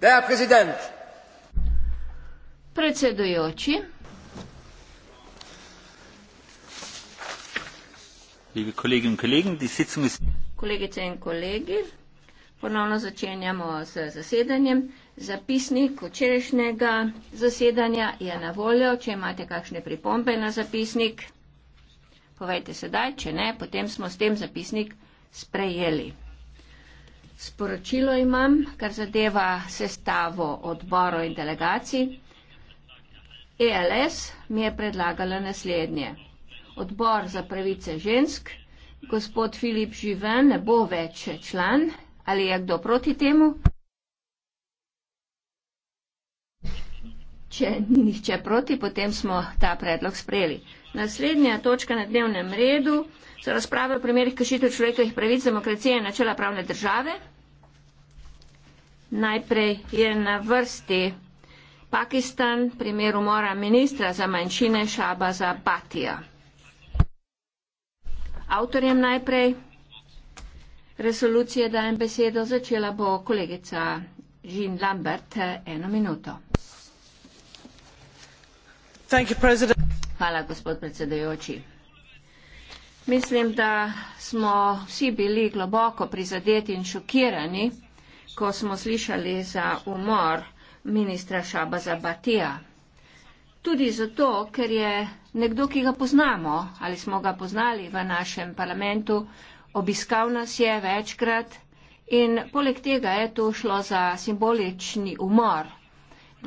Де президент? Председуючи. Liebe Kolleginnen und Kollegen, die Sitzung ist. Kolegice in kolegi, ponovno začenjamo z zasedanjem. Zapisnik včerajšnjega zasedanja je na voljo. Če imate kakšne pripombe na zapisnik, povejte sedaj, če ne, potem smo s tem zapisnik sprejeli. Sporočilo imam, kar zadeva sestavo odborov in delegacij. ELS mi je predlagala naslednje. Odbor za pravice žensk, gospod Filip Živen ne bo več član, ali je kdo proti temu? Če ni nihče proti, potem smo ta predlog sprejeli. Naslednja točka na dnevnem redu so razprave o primerih kršitev človekovih pravic, demokracije in načela pravne države. Najprej je na vrsti Pakistan, primer umora ministra za manjšine Šaba za Batija. Avtorjem najprej resolucije dajem besedo, začela bo kolegica Jean Lambert eno minuto. Mislim, da smo vsi bili globoko prizadeti in šokirani, ko smo slišali za umor ministra Šaba Zabatija. Tudi zato, ker je nekdo, ki ga poznamo ali smo ga poznali v našem parlamentu, obiskal nas je večkrat in poleg tega je to šlo za simbolični umor.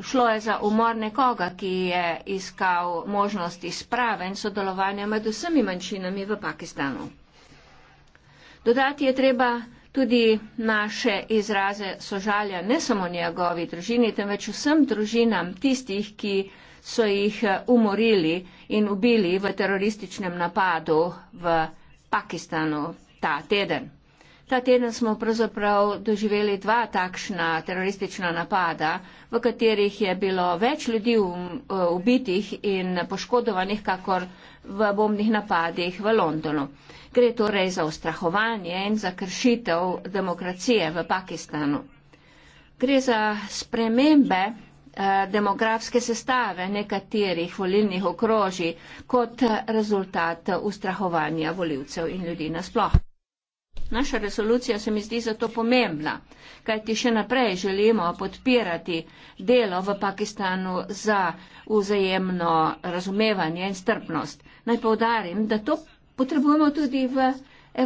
Šlo je za umor nekoga, ki je iskal možnosti sprave in sodelovanja med vsemi manjšinami v Pakistanu. Dodati je treba tudi naše izraze sožalja ne samo njegovi družini, temveč vsem družinam tistih, ki so jih eh, umorili in ubili v terorističnem napadu v Pakistanu ta teden. Ta teden smo pravzaprav doživeli dva takšna teroristična napada, v katerih je bilo več ljudi eh, ubitih in poškodovanih, kakor v bombnih napadih v Londonu. Gre torej za ustrahovanje in za kršitev demokracije v Pakistanu. Gre za spremembe eh, demografske sestave nekaterih volilnih okrožij kot rezultat ustrahovanja voljivcev in ljudi nasploh. Naša resolucija se mi zdi zato pomembna, kajti še naprej želimo podpirati delo v Pakistanu za vzajemno razumevanje in strpnost. Naj povdarim, da to potrebujemo tudi v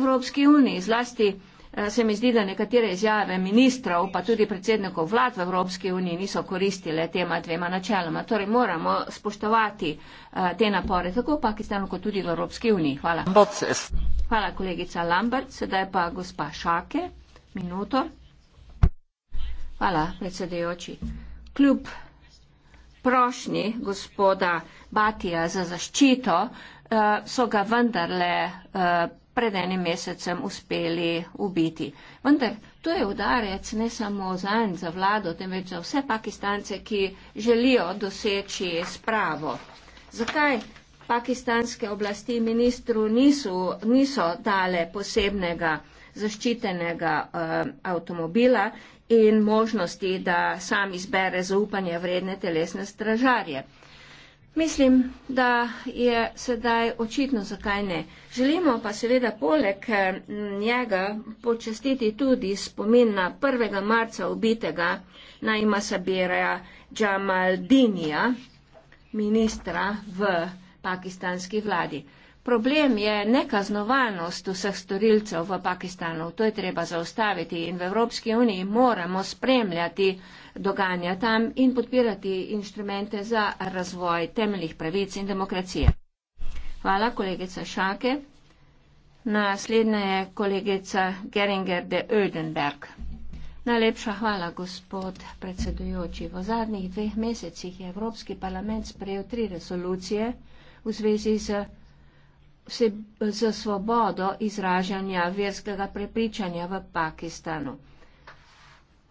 Evropski uniji, zlasti Eh, se mi zdi, da nekatere izjave ministrov, pa tudi predsednikov vlad v Evropski uniji niso koristile tema dvema načeloma. Torej moramo spoštovati eh, te napore, tako v Pakistanu, kot tudi v Evropski uniji. Hvala. Hvala, kolegica Lambert. Sedaj pa gospa Šake. Minuto. Hvala, predsedujoči. Kljub prošnji gospoda Batija za zaščito eh, so ga vendarle pred enim mesecem uspeli ubiti. Vendar to je udarec ne samo za en, za vlado, temveč za vse pakistance, ki želijo doseči spravo. Zakaj pakistanske oblasti ministru niso, niso dale posebnega zaščitenega eh, avtomobila in možnosti, da sam izbere zaupanje vredne telesne stražarje? Mislim, da je sedaj očitno, zakaj ne. Želimo pa seveda poleg mm, njega počestiti tudi spomin na 1. marca ubitega na ima Sabiraja Džamaldinija, ministra v pakistanski vladi. Problem je nekaznovanost vseh storilcev v Pakistanu. To je treba zaustaviti in v Evropski uniji moramo spremljati dogajanja tam in podpirati inštrumente za razvoj temeljnih pravic in demokracije. Hvala, kolegica Šake. Naslednja je kolegica Geringer de Oedenberg. Najlepša hvala, gospod predsedujoči. V zadnjih dveh mesecih je Evropski parlament sprejel tri resolucije v zvezi z, z, z svobodo izražanja verskega prepričanja v Pakistanu.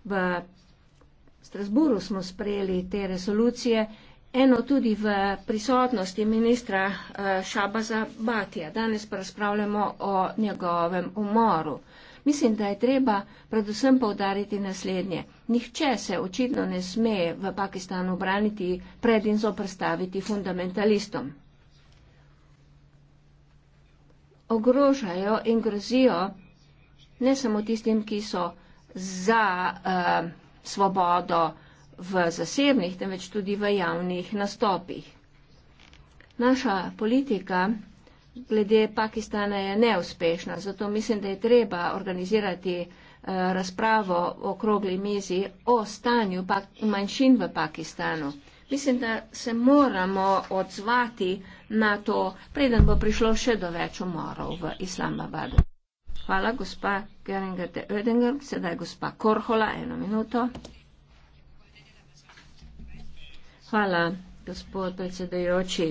V Strasburu smo sprejeli te resolucije, eno tudi v prisotnosti ministra eh, Šabaza Batija. Danes pa razpravljamo o njegovem umoru. Mislim, da je treba predvsem povdariti naslednje. Nihče se očitno ne sme v Pakistanu braniti pred in zoprstaviti fundamentalistom. Ogrožajo in grozijo ne samo tistim, ki so za. Uh, svobodo v zasebnih, temveč tudi v javnih nastopih. Naša politika glede Pakistana je neuspešna, zato mislim, da je treba organizirati eh, razpravo o okrogli mizi o stanju manjšin v Pakistanu. Mislim, da se moramo odzvati na to, preden bo prišlo še do več umorov v Islamabadu. Hvala, gospa Geringer de Oedinger. Sedaj gospa Korhola, eno minuto. Hvala, gospod predsedajoči.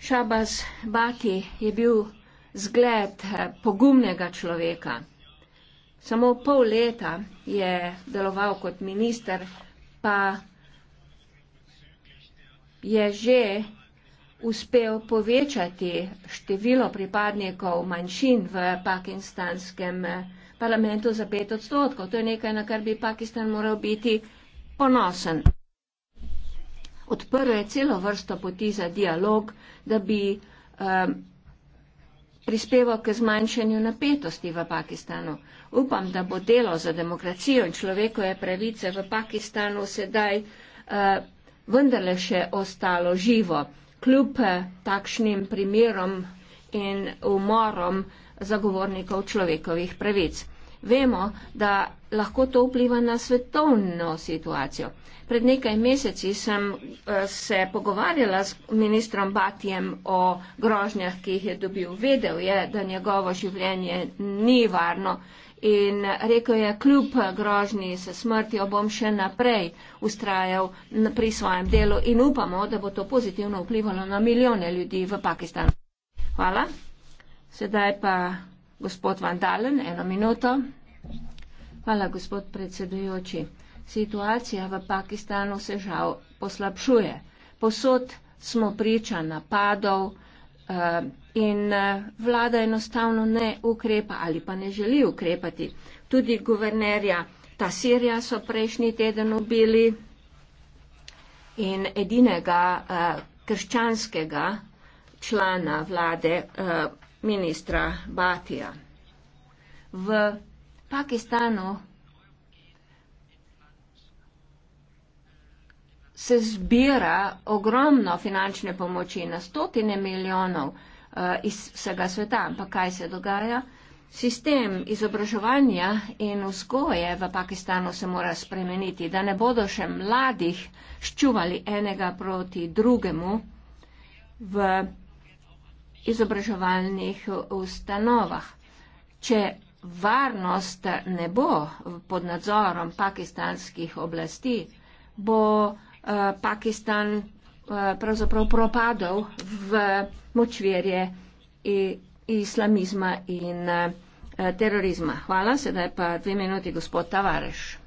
Šabas Bati je bil zgled eh, pogumnega človeka. Samo pol leta je deloval kot minister, pa je že uspel povečati število pripadnikov manjšin v pakistanskem eh, parlamentu za pet odstotkov. To je nekaj, na kar bi Pakistan moral biti ponosen. Odprl je celo vrsto poti za dialog, da bi um, prispeval k zmanjšanju napetosti v Pakistanu. Upam, da bo delo za demokracijo in človekove pravice v Pakistanu sedaj uh, vendarle še ostalo živo kljub eh, takšnim primerom in umorom zagovornikov človekovih pravic. Vemo, da lahko to vpliva na svetovno situacijo. Pred nekaj meseci sem eh, se pogovarjala s ministrom Batjem o grožnjah, ki jih je dobil. Vedel je, da njegovo življenje ni varno In rekel je, kljub grožnji s smrtjo bom še naprej ustrajal pri svojem delu in upamo, da bo to pozitivno vplivalo na milijone ljudi v Pakistanu. Hvala. Sedaj pa gospod Vandalen, eno minuto. Hvala, gospod predsedujoči. Situacija v Pakistanu se žal poslabšuje. Posod smo priča napadov. Eh, In eh, vlada enostavno ne ukrepa ali pa ne želi ukrepati. Tudi guvernerja Tasirja so prejšnji teden ubili in edinega uh, krščanskega člana vlade, uh, ministra Batija. V Pakistanu se zbira ogromno finančne pomoči na stotine milijonov. Eh, iz vsega sveta. Ampak kaj se dogaja? Sistem izobraževanja in vzgoje v Pakistanu se mora spremeniti, da ne bodo še mladih ščuvali enega proti drugemu v izobraževalnih ustanovah. Če varnost ne bo pod nadzorom pakistanskih oblasti, bo uh, Pakistan uh, pravzaprav propadel v močvirje islamizma in eh, terorizma. Hvala, sedaj pa dve minuti gospod Tavareš.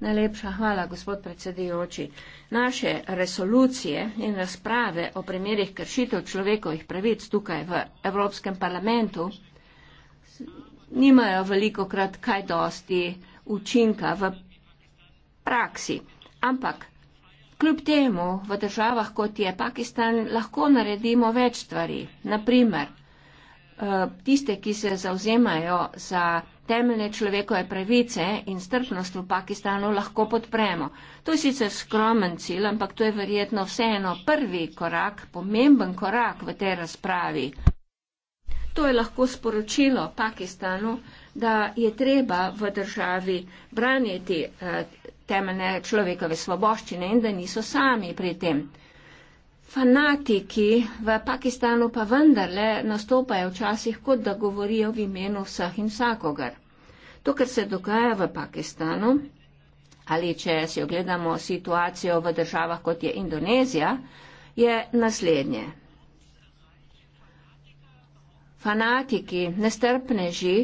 Najlepša hvala, gospod predsedujoči. Naše resolucije in razprave o primerih kršitev človekovih pravic tukaj v Evropskem parlamentu nimajo veliko krat kaj dosti učinka v praksi, ampak Kljub temu v državah, kot je Pakistan, lahko naredimo več stvari. Naprimer, eh, tiste, ki se zauzemajo za temeljne človekove pravice in strpnost v Pakistanu, lahko podpremo. To je sicer skromen cilj, ampak to je verjetno vseeno prvi korak, pomemben korak v tej razpravi. To je lahko sporočilo Pakistanu, da je treba v državi braniti eh, temeljne človekove svoboščine in da niso sami pri tem. Fanatiki v Pakistanu pa vendarle nastopajo včasih, kot da govorijo v imenu vseh in vsakogar. To, kar se dogaja v Pakistanu, ali če si ogledamo situacijo v državah, kot je Indonezija, je naslednje fanatiki, nestrpneži,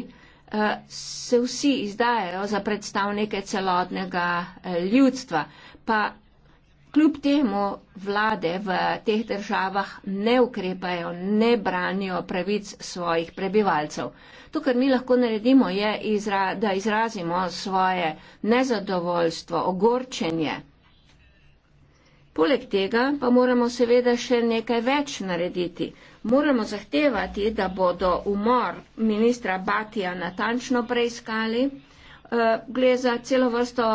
eh, se vsi izdajajo za predstavnike celotnega eh, ljudstva. Pa kljub temu vlade v teh državah ne ukrepajo, ne branijo pravic svojih prebivalcev. To, kar mi lahko naredimo, je, izra da izrazimo svoje nezadovoljstvo, ogorčenje. Poleg tega pa moramo seveda še nekaj več narediti. Moramo zahtevati, da bodo umor ministra Batija natančno preiskali. Eh, gre za celo vrsto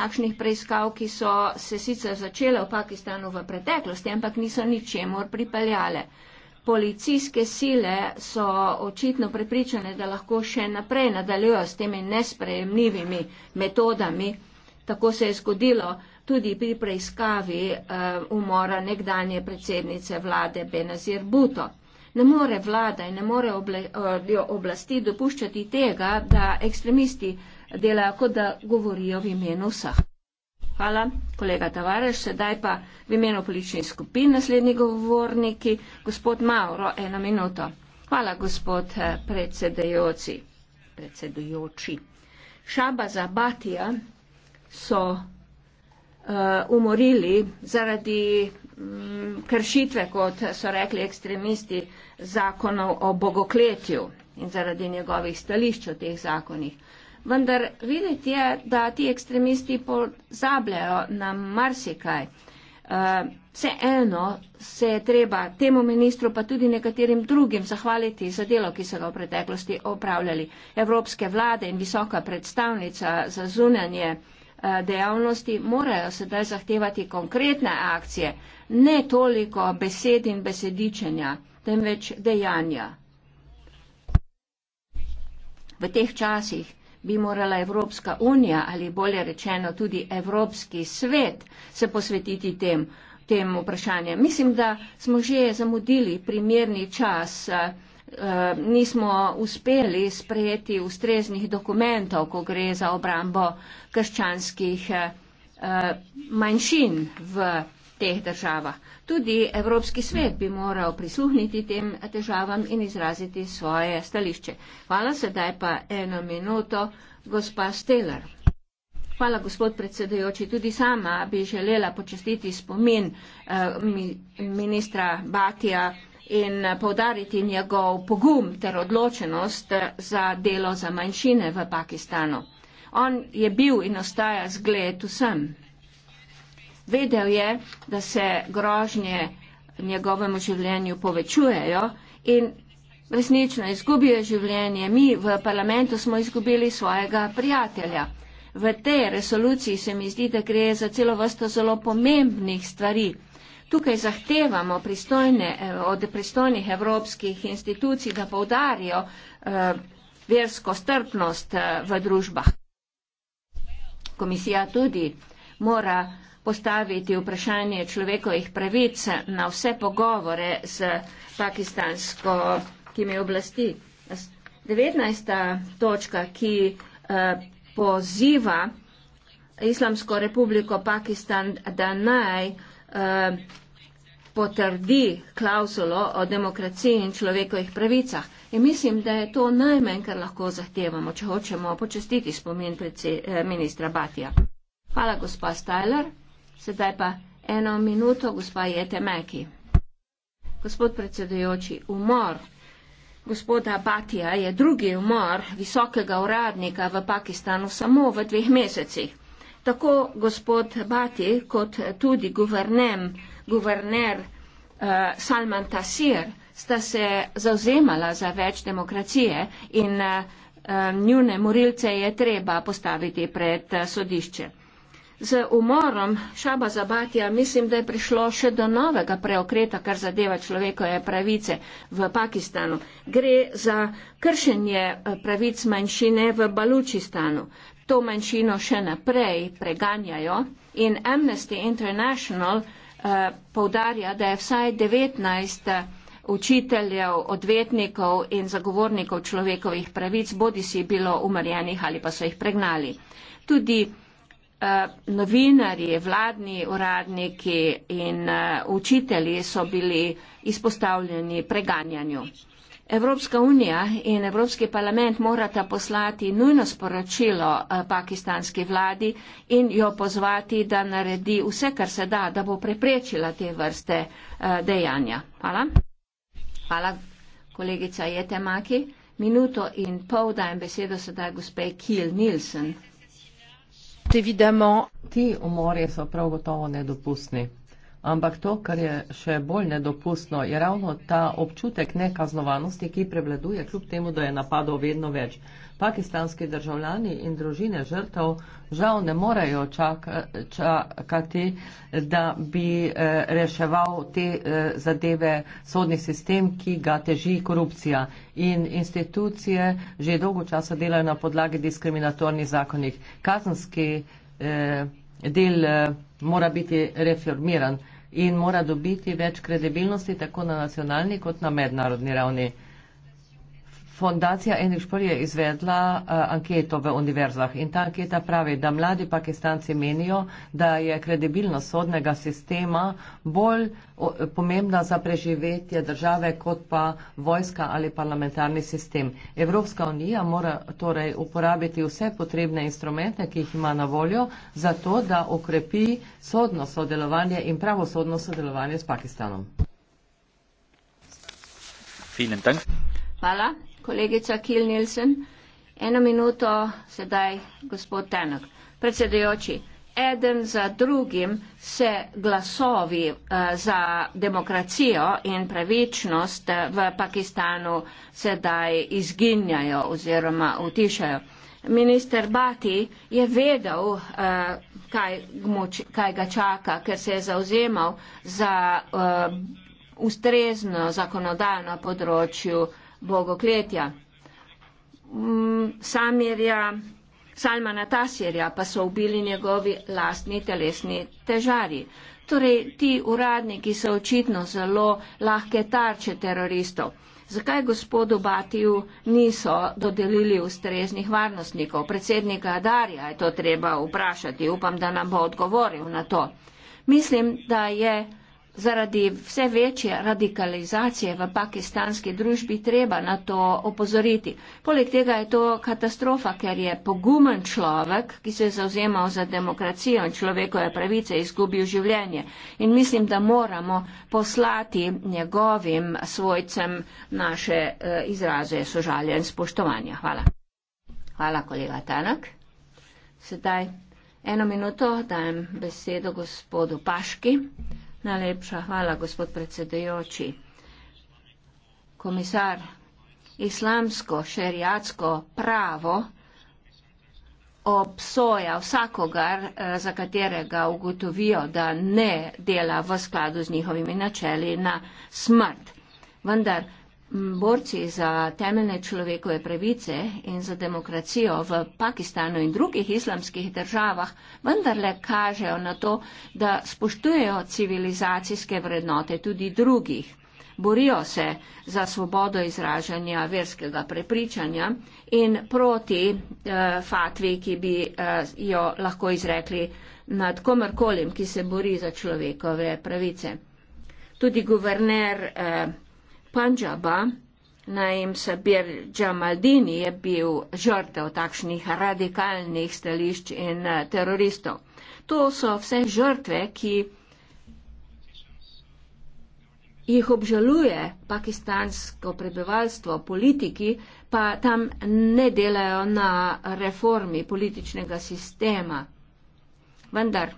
takšnih preiskav, ki so se sicer začele v Pakistanu v preteklosti, ampak niso ničemor pripeljale. Policijske sile so očitno prepričane, da lahko še naprej nadaljujo s temi nesprejemljivimi metodami. Tako se je zgodilo tudi pri preiskavi uh, umora nekdanje predsednice vlade Benazir Buto. Ne more vlada in ne more obla, eh, oblasti dopuščati tega, da ekstremisti delajo, kot da govorijo v imenu vseh. Hvala, kolega Tavares. Sedaj pa v imenu političnih skupin naslednji govorniki, gospod Mauro, eno minuto. Hvala, gospod eh, predsedujoči. Šaba za Batija so Eh, umorili zaradi mm, kršitve, kot so rekli ekstremisti, zakonov o bogokletju in zaradi njegovih stališč o teh zakonih. Vendar videti je, da ti ekstremisti pozabljajo na marsikaj. Eh, vseeno se je treba temu ministru pa tudi nekaterim drugim zahvaliti za delo, ki so ga v preteklosti opravljali. Evropske vlade in visoka predstavnica za zunanje. Eh, dejavnosti, morajo sedaj zahtevati konkretne akcije, ne toliko besed in besedičenja, temveč dejanja. V teh časih bi morala Evropska unija ali bolje rečeno tudi Evropski svet se posvetiti tem, tem vprašanjem. Mislim, da smo že zamudili primerni čas. Uh, Eh, nismo uspeli sprejeti ustreznih dokumentov, ko gre za obrambo krščanskih eh, eh, manjšin v teh državah. Tudi Evropski svet bi moral prisluhniti tem težavam in izraziti svoje stališče. Hvala sedaj pa eno minuto, gospa Steller. Hvala, gospod predsedujoči. Tudi sama bi želela počestiti spomin eh, mi, ministra Batija in povdariti njegov pogum ter odločenost za delo za manjšine v Pakistanu. On je bil in ostaja zgled vsem. Vedel je, da se grožnje njegovemu življenju povečujejo in resnično izgubil je življenje. Mi v parlamentu smo izgubili svojega prijatelja. V tej resoluciji se mi zdi, da gre za celo vrsto zelo pomembnih stvari. Tukaj zahtevamo pristojne, eh, od pristojnih evropskih institucij, da povdarijo uh, eh, versko strpnost uh, v družbah. Komisija tudi mora postaviti vprašanje človekovih pravic na vse pogovore z pakistansko, ki mi oblasti. 19. točka, ki uh, poziva Islamsko republiko Pakistan, da naj uh, Eh, potrdi klauzulo o demokraciji in človekovih pravicah. In mislim, da je to najmanj, kar lahko zahtevamo, če hočemo počestiti spomin eh, ministra Batija. Hvala, gospa Stajler. Sedaj pa eno minuto, gospa Jete Meki. Gospod predsedujoči, umor gospoda Batija je drugi umor visokega uradnika v Pakistanu samo v dveh mesecih tako gospod Bati kot tudi guvernem, guverner uh, Salman Tasir sta se zauzemala za več demokracije in uh, njune morilce je treba postaviti pred uh, sodišče. Z umorom Šaba Zabatija mislim, da je prišlo še do novega preokreta, kar zadeva človekove pravice v Pakistanu. Gre za kršenje pravic manjšine v Balučistanu to manjšino še naprej preganjajo in Amnesty International uh, eh, povdarja, da je vsaj 19 eh, učiteljev, odvetnikov in zagovornikov človekovih pravic bodi si bilo umrjenih ali pa so jih pregnali. Tudi uh, novinarji, vladni uradniki in uh, učitelji so bili izpostavljeni preganjanju. Evropska unija in Evropski parlament morata poslati nujno sporočilo eh, pakistanski vladi in jo pozvati, da naredi vse, kar se da, da bo preprečila te vrste eh, dejanja. Hvala. Hvala, kolegica Jete Maki. Minuto in pol dajem besedo sedaj gospe Kiel Nilsen. Te vidimo. Ti umori so prav gotovo nedopustni. Ampak to, kar je še bolj nedopustno, je ravno ta občutek nekaznovanosti, ki prevladuje kljub temu, da je napadov vedno več. Pakistanski državljani in družine žrtev žal ne morejo čakati, da bi eh, reševal te eh, zadeve sodni sistem, ki ga teži korupcija. In institucije že dolgo časa delajo na podlagi diskriminatornih zakonih. Kazenski eh, del mora biti reformiran in mora dobiti več kredibilnosti tako na nacionalni kot na mednarodni ravni. Fondacija Enrišpor je izvedla uh, anketo v univerzah in ta anketa pravi, da mladi pakistanci menijo, da je kredibilnost sodnega sistema bolj uh, pomembna za preživetje države kot pa vojska ali parlamentarni sistem. Evropska unija mora torej uporabiti vse potrebne instrumente, ki jih ima na voljo, zato da okrepi sodno sodelovanje in pravosodno sodelovanje s Pakistanom. Hvala kolegica Kil Nielsen. Eno minuto sedaj gospod Tenok. Predsedujoči, eden za drugim se glasovi eh, za demokracijo in pravičnost eh, v Pakistanu sedaj izginjajo oziroma utišajo. Minister Bati je vedel, eh, kaj, kaj ga čaka, ker se je zauzemal za ustrezno zakonodajno področju bogokletja. Mm, Samirja, Salmana Tasirja pa so ubili njegovi lastni telesni težari. Torej, ti uradniki so očitno zelo lahke tarče teroristov. Zakaj gospodu Batiju niso dodelili ustreznih varnostnikov? Predsednika Darja je to treba vprašati. Upam, da nam bo odgovoril na to. Mislim, da je zaradi vse večje radikalizacije v pakistanski družbi treba na to opozoriti. Poleg tega je to katastrofa, ker je pogumen človek, ki se je zauzemal za demokracijo in človekove pravice, izgubil življenje. In mislim, da moramo poslati njegovim svojcem naše eh, izraze sožalja in spoštovanja. Hvala. Hvala, kolega Tanak. Sedaj eno minuto dajem besedo gospodu Paški. Najlepša hvala, gospod predsedujoči. Komisar, islamsko šerijatsko pravo obsoja vsakogar, eh, za katerega ugotovijo, da ne dela v skladu z njihovimi načeli na smrt. Vendar Borci za temeljne človekove pravice in za demokracijo v Pakistanu in drugih islamskih državah vendarle kažejo na to, da spoštujejo civilizacijske vrednote tudi drugih. Borijo se za svobodo izražanja verskega prepričanja in proti eh, fatvi, ki bi eh, jo lahko izrekli nad komarkolim, ki se bori za človekove pravice. Tudi guverner eh, Panjaba, najem Sabir Džamaldini je bil žrtev takšnih radikalnih stališč in eh, teroristov. To so vse žrtve, ki jih obžaluje pakistansko prebivalstvo, politiki, pa tam ne delajo na reformi političnega sistema. Vendar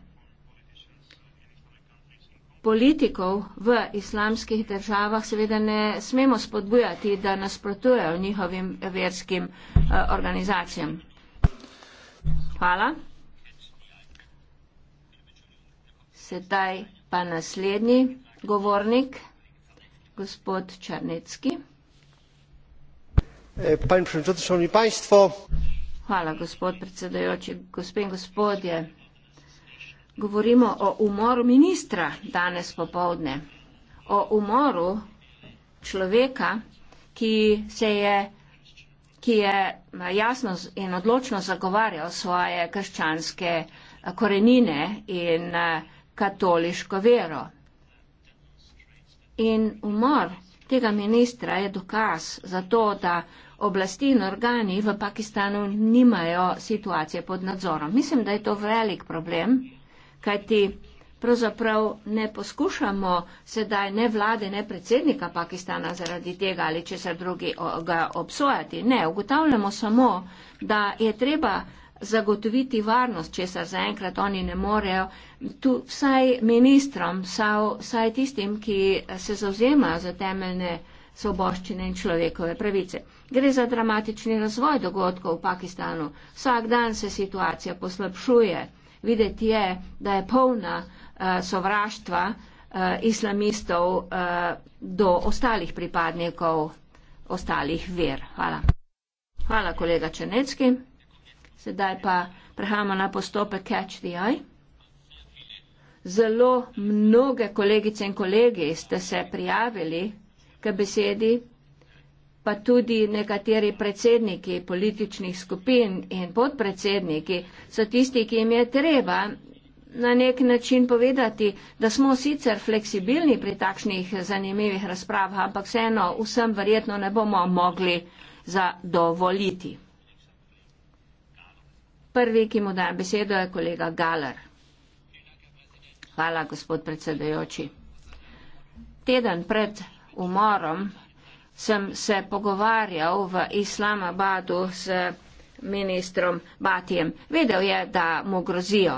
politikov v islamskih državah seveda ne smemo spodbujati, da nasprotujejo njihovim verskim eh, organizacijam. Hvala. Sedaj pa naslednji govornik, gospod Črnecki. Eh, Hvala, gospod predsedujoči. Gospe in gospodje, Govorimo o umoru ministra danes popovdne, o umoru človeka, ki, je, ki je eh, jasno in odločno zagovarjal svoje krščanske eh, korenine in eh, katoliško vero. In umor tega ministra je dokaz za to, da oblasti in organi v Pakistanu nimajo situacije pod nadzorom. Mislim, da je to velik problem kajti pravzaprav ne poskušamo sedaj ne vlade, ne predsednika Pakistana zaradi tega ali česar drugega obsojati. Ne, ugotavljamo samo, da je treba zagotoviti varnost, česar zaenkrat oni ne morejo, tu vsaj ministrom, vsaj tistim, ki se zauzemajo za temeljne soboščine in človekove pravice. Gre za dramatični razvoj dogodkov v Pakistanu. Vsak dan se situacija poslabšuje videti je, da je polna uh, sovraštva uh, islamistov uh, do ostalih pripadnikov ostalih ver. Hvala. Hvala, kolega Črnecki. Sedaj pa prehajamo na postopek Catch the Eye. Zelo mnoge kolegice in kolegi ste se prijavili k besedi pa tudi nekateri predsedniki političnih skupin in podpredsedniki so tisti, ki jim je treba na nek način povedati, da smo sicer fleksibilni pri takšnih zanimivih razpravah, ampak vseeno vsem verjetno ne bomo mogli zadovoljiti. Prvi, ki mu dajem besedo, je kolega Galer. Hvala, gospod predsedajoči. Teden pred umorom sem se pogovarjal v Islamabadu z ministrom Batijem. Vedel je, da mu grozijo,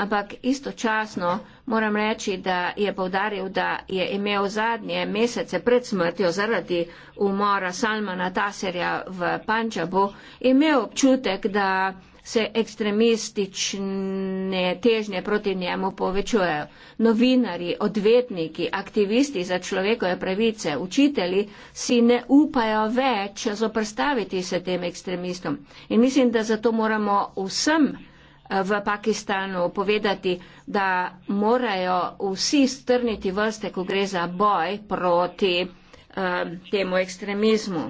ampak istočasno moram reči, da je povdaril, da je imel zadnje mesece pred smrtjo zaradi umora Salmana Taserja v Pančabu, imel občutek, da se ekstremistične težnje proti njemu povečujejo. Novinari, odvetniki, aktivisti za človekove pravice, učitelji si ne upajo več zoprstaviti se tem ekstremistom. In mislim, da zato moramo vsem eh, v Pakistanu povedati, da morajo vsi strniti vrste, ko gre za boj proti um, temu ekstremizmu.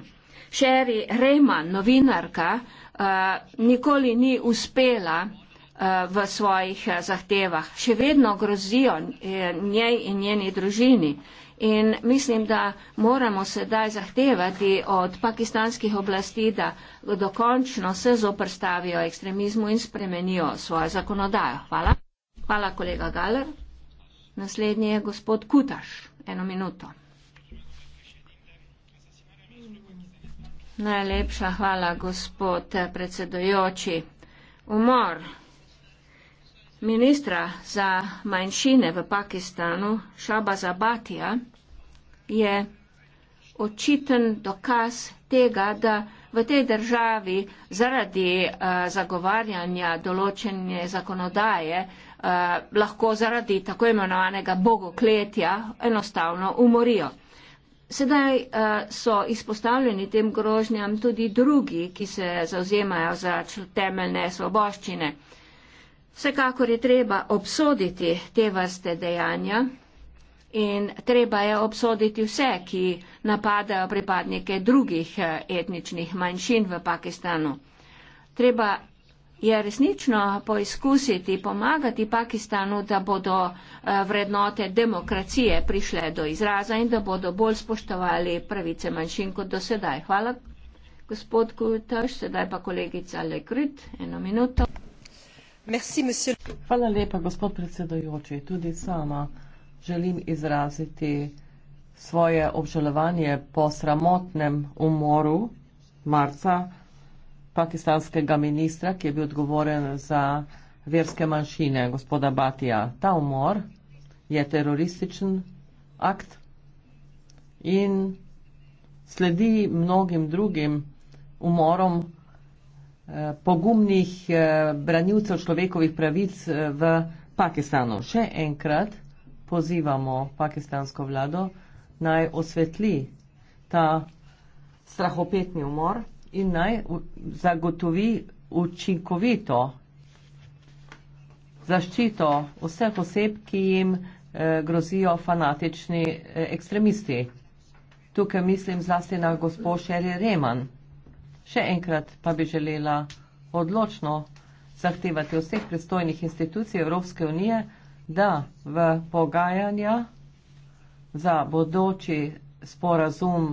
Sherry Rehman, novinarka, Eh, nikoli ni uspela eh, v svojih eh, zahtevah. Še vedno grozijo njej in njeni družini. In mislim, da moramo sedaj zahtevati od pakistanskih oblasti, da dokončno se zoprstavijo ekstremizmu in spremenijo svojo zakonodajo. Hvala. Hvala, kolega Galer. Naslednji je gospod Kutaš. Eno minuto. Najlepša hvala, gospod predsedojoči. Umor ministra za manjšine v Pakistanu, Šaba Zabatija, je očiten dokaz tega, da v tej državi zaradi uh, zagovarjanja določene zakonodaje uh, lahko zaradi tako imenovanega bogokletja enostavno umorijo. Sedaj uh, so izpostavljeni tem grožnjam tudi drugi, ki se zauzemajo za temeljne svoboščine. Vsekakor je treba obsoditi te vrste dejanja in treba je obsoditi vse, ki napadajo pripadnike drugih eh, etničnih manjšin v Pakistanu. Treba je resnično poizkusiti, pomagati Pakistanu, da bodo eh, vrednote demokracije prišle do izraza in da bodo bolj spoštovali pravice manjšin kot do sedaj. Hvala, gospod Kutaš. Sedaj pa kolegica Lekrit, eno minuto. Merci, Hvala lepa, gospod predsedojoči. Tudi sama želim izraziti svoje obžalovanje po sramotnem umoru marca pakistanskega ministra, ki je bil odgovoren za verske manjšine, gospoda Batija. Ta umor je terorističen akt in sledi mnogim drugim umorom eh, pogumnih eh, branilcev človekovih pravic eh, v Pakistanu. Še enkrat pozivamo pakistansko vlado naj osvetli ta strahopetni umor in naj zagotovi učinkovito zaščito vseh oseb, ki jim eh, grozijo fanatični eh, ekstremisti. Tukaj mislim zlasti na gospod Šeri Reman. Še enkrat pa bi želela odločno zahtevati vseh pristojnih institucij Evropske unije, da v pogajanja za bodoči sporazum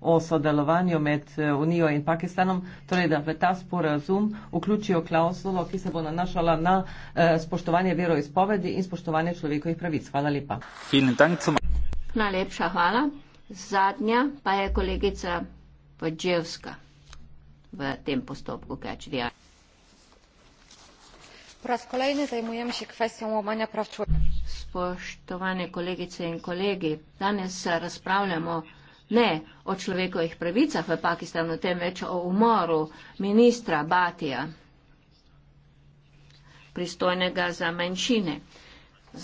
o sodelovanju med eh, Unijo in Pakistanom, torej da v ta sporazum vključijo klauzulo, ki se bo nanašala na eh, spoštovanje veroizpovedi in spoštovanje človekovih pravic. Hvala lepa. Najlepša hvala. Zadnja pa je kolegica Vodževska v tem postopku, kaj če dija. Spoštovane kolegice in kolegi, danes eh, razpravljamo ne o človekovih pravicah v Pakistanu, temveč o umoru ministra Batija, pristojnega za manjšine.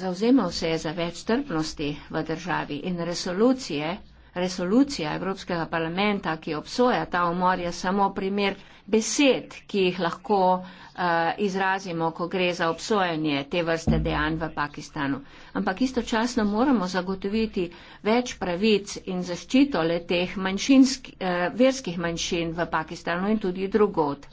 Zauzemal se je za več strpnosti v državi in resolucije resolucija Evropskega parlamenta, ki obsoja ta umor, je samo primer besed, ki jih lahko uh, izrazimo, ko gre za obsojanje te vrste dejanj v Pakistanu. Ampak istočasno moramo zagotoviti več pravic in zaščito le teh manjšinsk, uh, verskih manjšin v Pakistanu in tudi drugod.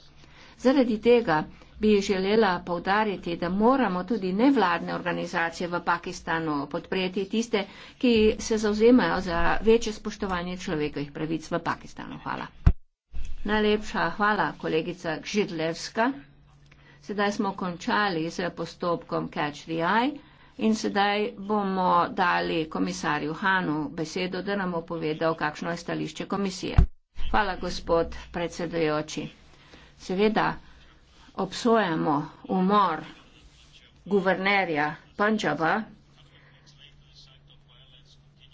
Zaradi tega bi želela povdariti, da moramo tudi nevladne organizacije v Pakistanu podpreti tiste, ki se zauzemajo za večje spoštovanje človekovih pravic v Pakistanu. Hvala. Najlepša hvala, kolegica Gžidlevska. Sedaj smo končali z postopkom Catch the Eye in sedaj bomo dali komisarju Hanu besedo, da nam bo povedal, kakšno je stališče komisije. Hvala, gospod predsedujoči. Seveda obsojamo umor guvernerja Panjava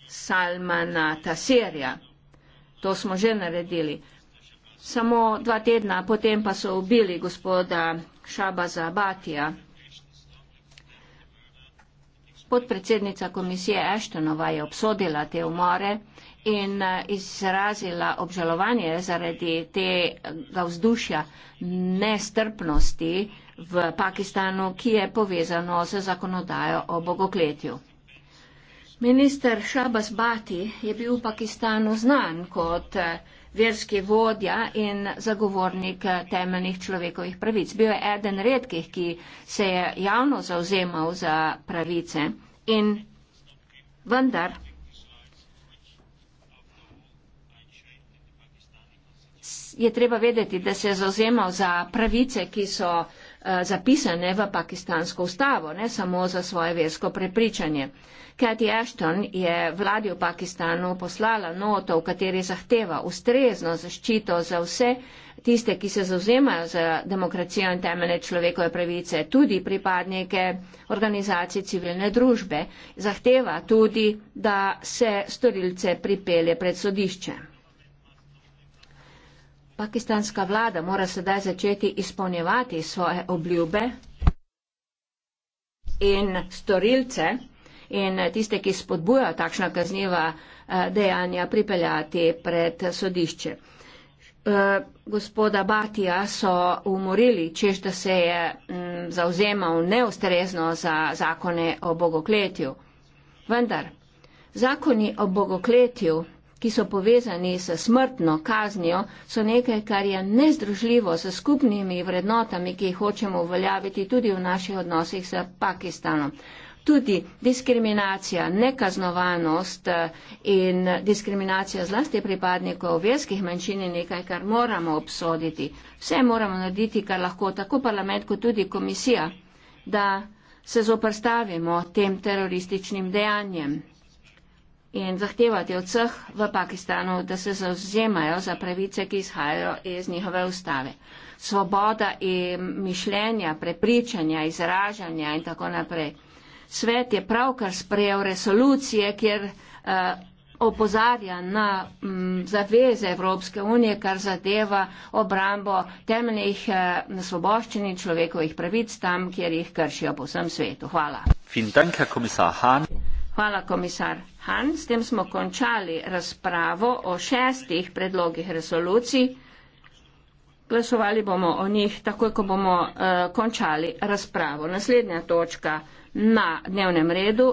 Salmana Taserja. To smo že naredili. Samo dva tedna potem pa so ubili gospoda Šaba Zabatija. Za Podpredsednica komisije Eštonova je obsodila te umore in eh, izrazila obžalovanje zaradi tega vzdušja nestrpnosti v Pakistanu, ki je povezano z zakonodajo o bogokletju. Minister Šabas Bati je bil v Pakistanu znan kot eh, verski vodja in zagovornik eh, temeljnih človekovih pravic. Bil je eden redkih, ki se je javno zauzemal za pravice in vendar je treba vedeti, da se je zauzemal za pravice, ki so uh, zapisane v pakistansko ustavo, ne samo za svoje versko prepričanje. Uh, Kathy Ashton je vladi v Pakistanu poslala noto, v kateri zahteva ustrezno zaščito za vse tiste, ki se zauzemajo za demokracijo in temeljne človekove pravice, tudi pripadnike organizacij civilne družbe. Zahteva tudi, da se storilce pripelje pred sodišče. Pakistanska vlada mora sedaj začeti izpolnjevati svoje obljube in storilce, in tiste, ki spodbujajo takšna kazniva eh, dejanja, pripeljati pred sodišče. Eh, gospoda Batija so umorili, čež da se je mm, zauzemal neustrezno za zakone o bogokletju. Vendar, zakoni o bogokletju, ki so povezani s smrtno kaznijo, so nekaj, kar je nezdružljivo s skupnimi vrednotami, ki jih hočemo uveljaviti tudi v naših odnosih s Pakistanom tudi diskriminacija, nekaznovanost eh, in diskriminacija zlasti pripadnikov verskih manjšin je nekaj, kar moramo obsoditi. Vse moramo narediti, kar lahko tako parlament kot tudi komisija, da se zoprstavimo tem terorističnim dejanjem in zahtevati od vseh v Pakistanu, da se zauzemajo za pravice, ki izhajajo iz njihove ustave. Svoboda in mišljenja, prepričanja, izražanja in tako naprej. Svet je pravkar sprejel resolucije, kjer eh, opozarja na m, mm, zaveze Evropske unije, kar zadeva obrambo temeljnih eh, svoboščin in človekovih pravic tam, kjer jih kršijo po vsem svetu. Hvala. Danke, komisar Hvala, komisar Han. S tem smo končali razpravo o šestih predlogih resolucij. Glasovali bomo o njih, takoj ko bomo eh, končali razpravo. Naslednja točka na dnevnem redu.